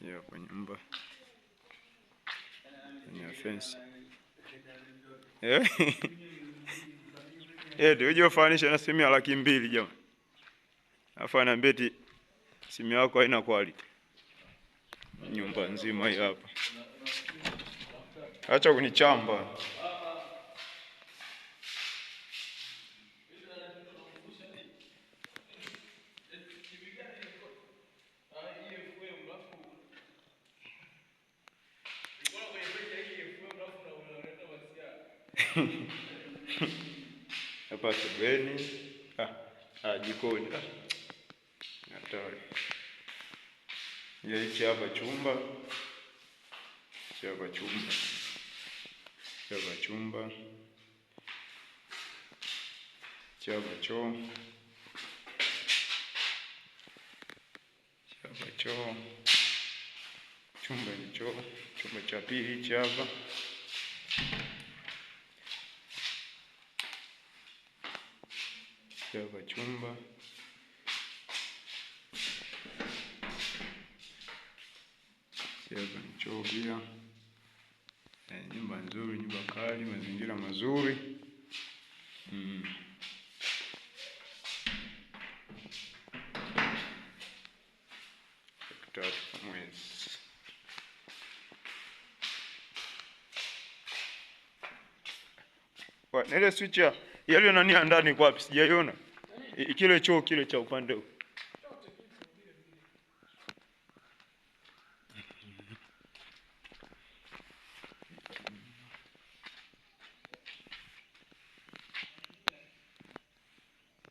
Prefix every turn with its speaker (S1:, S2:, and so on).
S1: ya kwenye nyumba kwenye fence eti uje ufanisha na simu ya laki mbili jama alafu anaambia eti simu yako haina quality. Nyumba nzima hii hapa, acha kunichamba. hapa sebeni ah, ah, jikoni ah, hatari. hichi yaani hapa chumba, hichi hapa chumba, hichi hapa chumba, hichi hapa choo, hichi hapa choo chumba ni choo. Chumba cha pili hichi hapa. Kioo kwa chumba. Kioo kwenye choo pia. E, nyumba nzuri, nyumba kali, mazingira mazuri. Mm. Tatu nile switch ya yaliyo nani ndani kwa Sijaiona kile choo kile cha upande huu.